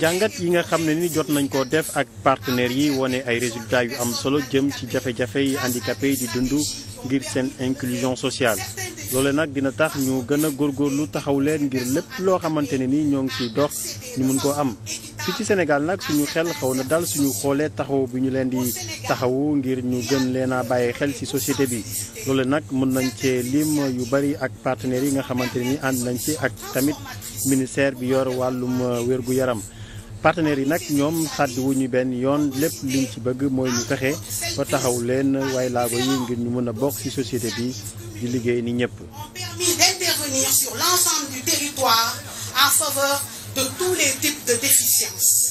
jàngat yi nga xam ne ni jot nañ koo def ak partenaires yi wane ay résultat yu am solo jëm ci jafe-jafe yi handicapé yi di dund ngir seen inclusion sociale loole nag dina tax ñu gën a góorgóorlu taxaw leen ngir lépp loo xamante ne ni ñoo ngi ciy dox ñu mun koo am. fii ci Sénégal nag suñu xel xaw na dal suñu xoolee taxaw bi ñu leen di taxawu ngir ñu gën leen a bàyyi xel ci société bi loolu nag mën nañ cee lim yu bari ak partenaires yi nga xamante ni ànd nañ ci ak tamit ministère bi yor wàllum euh, wérgu yaram partenaires yi nag ñoom xàddu wu ñu benn yoon lépp liñ ci bëgg mooy ñu fexe ba taxaw leen waaye laago yi ngir ñu mën a bokk ci société bi di liggéey ni ñëpp. de déficience